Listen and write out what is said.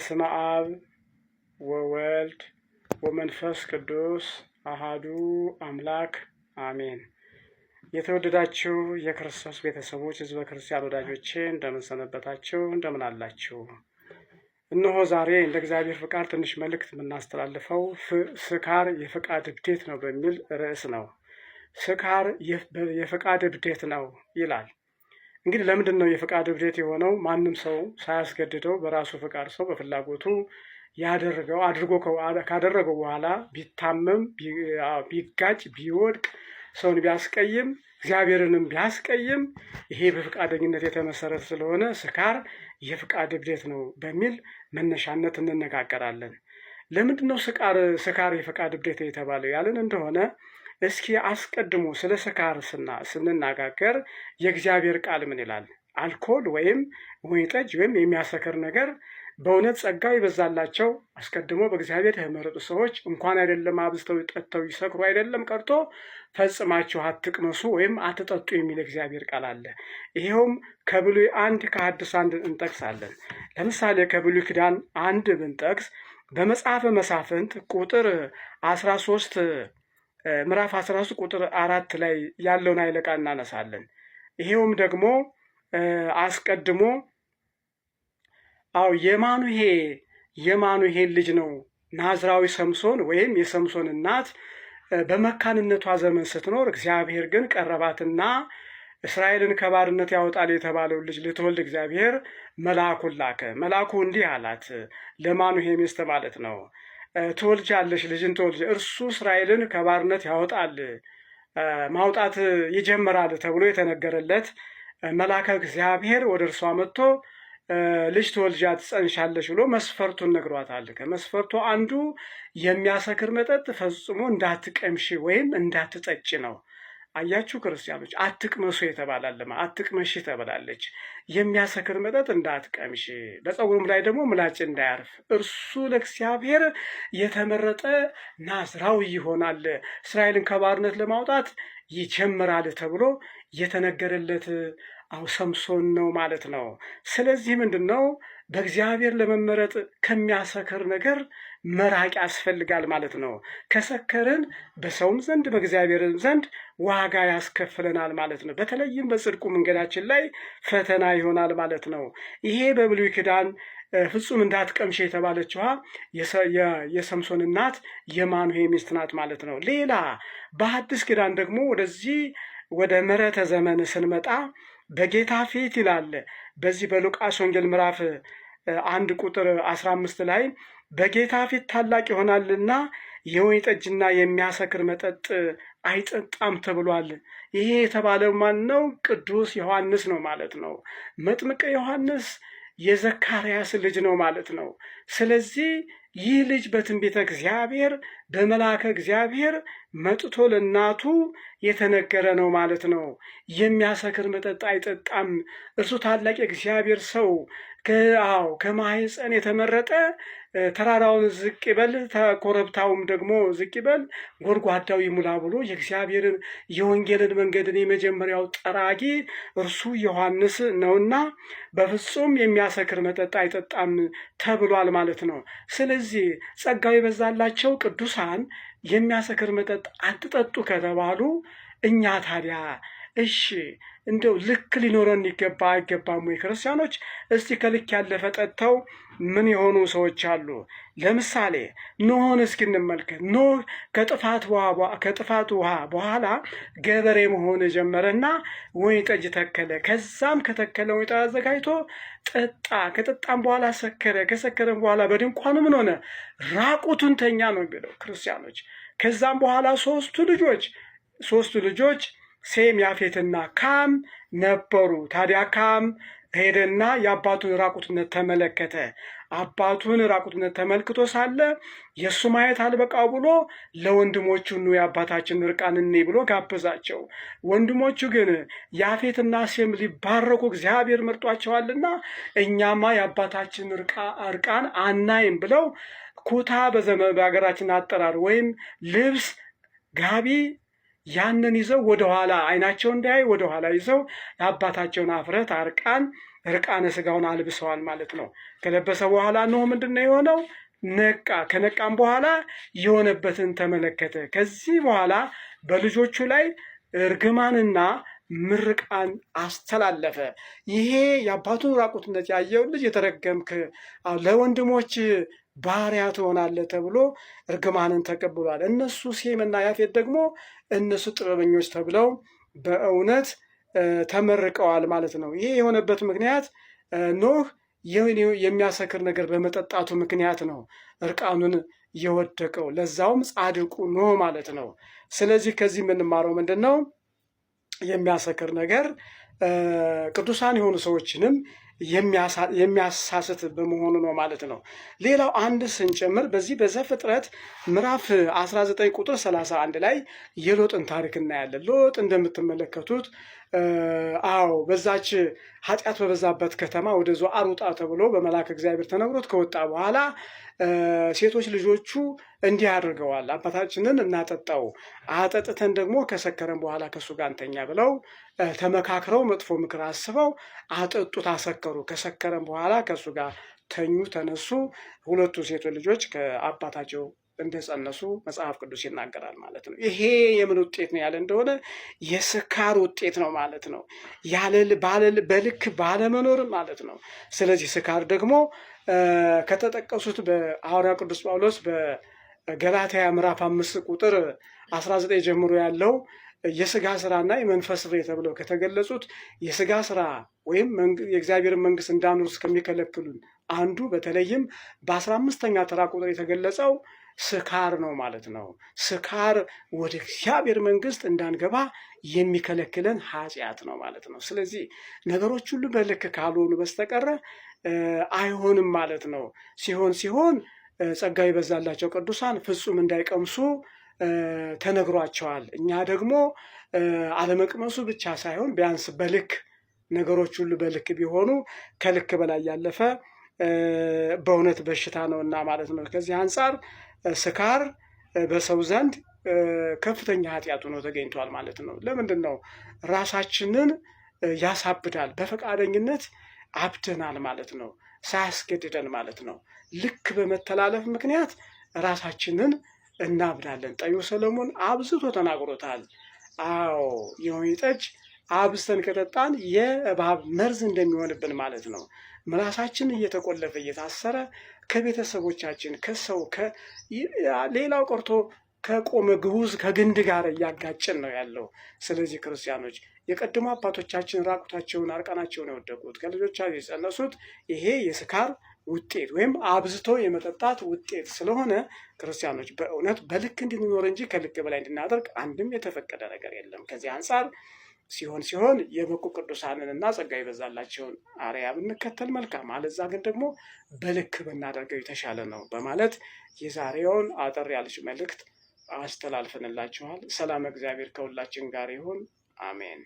በስመ አብ ወወልድ ወመንፈስ ቅዱስ አሃዱ አምላክ አሜን። የተወደዳችሁ የክርስቶስ ቤተሰቦች ህዝበ ክርስቲያን ወዳጆቼ እንደምን ሰነበታችሁ? እንደምን አላችሁ? እነሆ ዛሬ እንደ እግዚአብሔር ፍቃድ ትንሽ መልእክት የምናስተላልፈው ስካር የፍቃድ እብዴት ነው በሚል ርዕስ ነው። ስካር የፍቃድ እብዴት ነው ይላል እንግዲህ ለምንድን ነው የፍቃድ እብደት የሆነው? ማንም ሰው ሳያስገድደው በራሱ ፍቃድ ሰው በፍላጎቱ ያደረገው አድርጎ ካደረገው በኋላ ቢታመም፣ ቢጋጭ፣ ቢወድቅ፣ ሰውን ቢያስቀይም፣ እግዚአብሔርንም ቢያስቀይም ይሄ በፍቃደኝነት የተመሰረተ ስለሆነ ስካር የፍቃድ እብደት ነው በሚል መነሻነት እንነጋገራለን። ለምንድን ነው ስካር የፍቃድ እብደት የተባለው ያለን እንደሆነ እስኪ አስቀድሞ ስለ ስካር ስንነጋገር የእግዚአብሔር ቃል ምን ይላል? አልኮል ወይም ወይን ጠጅ ወይም የሚያሰክር ነገር በእውነት ጸጋ ይበዛላቸው አስቀድሞ በእግዚአብሔር የተመረጡ ሰዎች እንኳን አይደለም አብዝተው ጠጥተው ይሰክሩ አይደለም ቀርቶ ፈጽማችሁ አትቅመሱ ወይም አትጠጡ የሚል እግዚአብሔር ቃል አለ። ይኸውም ከብሉይ አንድ ከሐዲስ አንድ እንጠቅሳለን። ለምሳሌ ከብሉይ ኪዳን አንድ ብንጠቅስ በመጽሐፈ መሳፍንት ቁጥር አስራ ሶስት ምዕራፍ 13 ቁጥር አራት ላይ ያለውን አይለቃ እናነሳለን። ይሄውም ደግሞ አስቀድሞ አው የማኑሄ የማኑሄ ልጅ ነው ናዝራዊ ሰምሶን ወይም የሰምሶን እናት በመካንነቷ ዘመን ስትኖር እግዚአብሔር ግን ቀረባትና እስራኤልን ከባርነት ያወጣል የተባለውን ልጅ ልትወልድ እግዚአብሔር መልአኩን ላከ። መልአኩ እንዲህ አላት፣ ለማኑሄ ሚስት ማለት ነው ትወልጃለሽ፣ ልጅን ትወልጅ፣ እርሱ እስራኤልን ከባርነት ያወጣል ማውጣት ይጀምራል ተብሎ የተነገረለት መልአከ እግዚአብሔር ወደ እርሷ መጥቶ ልጅ ትወልጃ ትጸንሻለሽ ብሎ መስፈርቱን ነግሯታል። ከመስፈርቱ አንዱ የሚያሰክር መጠጥ ፈጽሞ እንዳትቀምሽ ወይም እንዳትጠጭ ነው። አያችሁ ክርስቲያኖች፣ አትቅመሱ የተባላለማ አትቅመሽ ተብላለች። የሚያሰክር መጠጥ እንዳትቀምሽ፣ በፀጉሩም ላይ ደግሞ ምላጭ እንዳያርፍ፣ እርሱ ለእግዚአብሔር የተመረጠ ናዝራዊ ይሆናል፣ እስራኤልን ከባርነት ለማውጣት ይጀምራል ተብሎ የተነገረለት አው ሰምሶን ነው ማለት ነው። ስለዚህ ምንድን ነው በእግዚአብሔር ለመመረጥ ከሚያሰክር ነገር መራቅ ያስፈልጋል ማለት ነው። ከሰከርን በሰውም ዘንድ በእግዚአብሔርም ዘንድ ዋጋ ያስከፍለናል ማለት ነው። በተለይም በጽድቁ መንገዳችን ላይ ፈተና ይሆናል ማለት ነው። ይሄ በብሉይ ኪዳን ፍጹም እንዳትቀምሽ የተባለችዋ የሰምሶን እናት የማኑሄ ሚስት ናት ማለት ነው። ሌላ በአዲስ ኪዳን ደግሞ ወደዚህ ወደ ምሕረተ ዘመን ስንመጣ በጌታ ፊት ይላል በዚህ በሉቃስ ወንጌል ምዕራፍ አንድ ቁጥር አስራ አምስት ላይ በጌታ ፊት ታላቅ ይሆናልና የወይን ጠጅና የሚያሰክር መጠጥ አይጠጣም ተብሏል። ይሄ የተባለው ማን ነው? ቅዱስ ዮሐንስ ነው ማለት ነው። መጥምቀ ዮሐንስ የዘካርያስ ልጅ ነው ማለት ነው። ስለዚህ ይህ ልጅ በትንቢተ እግዚአብሔር በመላከ እግዚአብሔር መጥቶ ለእናቱ የተነገረ ነው ማለት ነው። የሚያሰክር መጠጥ አይጠጣም፣ እርሱ ታላቅ የእግዚአብሔር ሰው ከአዎ ከማህፀን የተመረጠ ተራራውን ዝቅ ይበል፣ ኮረብታውም ደግሞ ዝቅ ይበል፣ ጎድጓዳው ይሙላ ብሎ የእግዚአብሔርን የወንጌልን መንገድን የመጀመሪያው ጠራጊ እርሱ ዮሐንስ ነውና በፍጹም የሚያሰክር መጠጥ አይጠጣም ተብሏል ማለት ነው። ስለዚህ ጸጋው የበዛላቸው ቅዱሳን የሚያሰክር መጠጥ አትጠጡ ከተባሉ እኛ ታዲያ እሺ እንደው ልክ ሊኖረን ይገባ አይገባም ወይ? ክርስቲያኖች እስቲ ከልክ ያለፈ ጠጥተው ምን የሆኑ ሰዎች አሉ? ለምሳሌ ኖህን እስኪ እንመልከት። ኖህ ከጥፋት ውሃ በኋላ ገበሬ መሆን ጀመረና ወይን ጠጅ ተከለ። ከዛም ከተከለ ወይን ጠጅ አዘጋጅቶ ጠጣ። ከጠጣም በኋላ ሰከረ። ከሰከረም በኋላ በድንኳኑ ምን ሆነ? ራቁቱን ተኛ ነው የሚለው ክርስቲያኖች። ከዛም በኋላ ሶስቱ ልጆች ሶስቱ ልጆች ሴም ያፌትና ካም ነበሩ። ታዲያ ካም ሄደና የአባቱን ራቁትነት ተመለከተ። አባቱን ራቁትነት ተመልክቶ ሳለ የእሱ ማየት አልበቃው ብሎ ለወንድሞቹ ኑ የአባታችን እርቃን እኔ ብሎ ጋበዛቸው። ወንድሞቹ ግን ያፌትና ሴም ሊባረኩ እግዚአብሔር መርጧቸዋልና እኛማ የአባታችን እርቃን አናይም ብለው ኩታ በዘመን በሀገራችን አጠራር ወይም ልብስ ጋቢ ያንን ይዘው ወደኋላ አይናቸው እንዳያይ ወደኋላ ይዘው የአባታቸውን አፍረት አርቃን እርቃነ ስጋውን አልብሰዋል ማለት ነው። ከለበሰ በኋላ ኖህ ምንድን ነው የሆነው? ነቃ። ከነቃም በኋላ የሆነበትን ተመለከተ። ከዚህ በኋላ በልጆቹ ላይ እርግማንና ምርቃን አስተላለፈ። ይሄ የአባቱን ራቁትነት ያየው ልጅ የተረገምክ ለወንድሞች ባሪያ ትሆናለህ ተብሎ እርግማንን ተቀብሏል። እነሱ ሴምና ያፌት ደግሞ እነሱ ጥበበኞች ተብለው በእውነት ተመርቀዋል ማለት ነው። ይሄ የሆነበት ምክንያት ኖህ የሚያሰክር ነገር በመጠጣቱ ምክንያት ነው እርቃኑን የወደቀው፣ ለዛውም ጻድቁ ኖህ ማለት ነው። ስለዚህ ከዚህ የምንማረው ምንድን ነው? የሚያሰክር ነገር ቅዱሳን የሆኑ ሰዎችንም የሚያሳስት በመሆኑ ነው ማለት ነው። ሌላው አንድ ስንጨምር በዚህ በዘፍጥረት ምዕራፍ 19 ቁጥር 31 ላይ የሎጥን ታሪክ እናያለን። ሎጥ እንደምትመለከቱት አዎ በዛች ኃጢአት በበዛበት ከተማ ወደ ዞዓር ውጣ ተብሎ በመልአክ እግዚአብሔር ተነግሮት ከወጣ በኋላ ሴቶች ልጆቹ እንዲህ አድርገዋል። አባታችንን እናጠጣው፣ አጠጥተን ደግሞ ከሰከረን በኋላ ከእሱ ጋር እንተኛ ብለው ተመካክረው መጥፎ ምክር አስበው አጠጡት፣ አሰከሩ። ከሰከረን በኋላ ከእሱ ጋር ተኙ፣ ተነሱ። ሁለቱ ሴቶች ልጆች ከአባታቸው እንደጸነሱ መጽሐፍ ቅዱስ ይናገራል ማለት ነው። ይሄ የምን ውጤት ነው ያለ እንደሆነ የስካር ውጤት ነው ማለት ነው። በልክ ባለመኖር ማለት ነው። ስለዚህ ስካር ደግሞ ከተጠቀሱት በሐዋርያ ቅዱስ ጳውሎስ በገላትያ ምዕራፍ አምስት ቁጥር አስራ ዘጠኝ ጀምሮ ያለው የስጋ ስራና የመንፈስ ፍሬ ተብለው ከተገለጹት የስጋ ስራ ወይም የእግዚአብሔርን መንግስት እንዳኑር እስከሚከለክሉን አንዱ በተለይም በአስራ አምስተኛ ተራ ቁጥር የተገለጸው ስካር ነው ማለት ነው። ስካር ወደ እግዚአብሔር መንግስት እንዳንገባ የሚከለክለን ኃጢአት ነው ማለት ነው። ስለዚህ ነገሮች ሁሉ በልክ ካልሆኑ በስተቀረ አይሆንም ማለት ነው። ሲሆን ሲሆን ጸጋ ይበዛላቸው ቅዱሳን ፍጹም እንዳይቀምሱ ተነግሯቸዋል። እኛ ደግሞ አለመቅመሱ ብቻ ሳይሆን ቢያንስ በልክ ነገሮች ሁሉ በልክ ቢሆኑ ከልክ በላይ ያለፈ በእውነት በሽታ ነውና ማለት ነው። ከዚህ አንጻር ስካር በሰው ዘንድ ከፍተኛ ኃጢአት ሆኖ ተገኝቷል ማለት ነው። ለምንድን ነው? ራሳችንን ያሳብዳል። በፈቃደኝነት አብደናል ማለት ነው። ሳያስገድደን ማለት ነው። ልክ በመተላለፍ ምክንያት ራሳችንን እናብዳለን። ጠቢቡ ሰለሞን አብዝቶ ተናግሮታል። አዎ የወይን ጠጅ አብስተን ከጠጣን የእባብ መርዝ እንደሚሆንብን ማለት ነው። ምላሳችን እየተቆለፈ እየታሰረ ከቤተሰቦቻችን ከሰው ሌላው ቀርቶ ከቆመ ግቡዝ ከግንድ ጋር እያጋጭን ነው ያለው። ስለዚህ ክርስቲያኖች የቀድሞ አባቶቻችን ራቁታቸውን አርቀናቸውን የወደቁት ከልጆቻቸው የጸነሱት ይሄ የስካር ውጤት ወይም አብዝቶ የመጠጣት ውጤት ስለሆነ ክርስቲያኖች በእውነት በልክ እንድንኖር እንጂ ከልክ በላይ እንድናደርግ አንድም የተፈቀደ ነገር የለም። ከዚህ አንጻር ሲሆን ሲሆን የበቁ ቅዱሳንን እና ጸጋ የበዛላቸውን አርያ ብንከተል መልካም፣ አለዛ ግን ደግሞ በልክ ብናደርገው የተሻለ ነው በማለት የዛሬውን አጠር ያለች መልእክት አስተላልፈንላችኋል። ሰላም እግዚአብሔር ከሁላችን ጋር ይሁን። አሜን።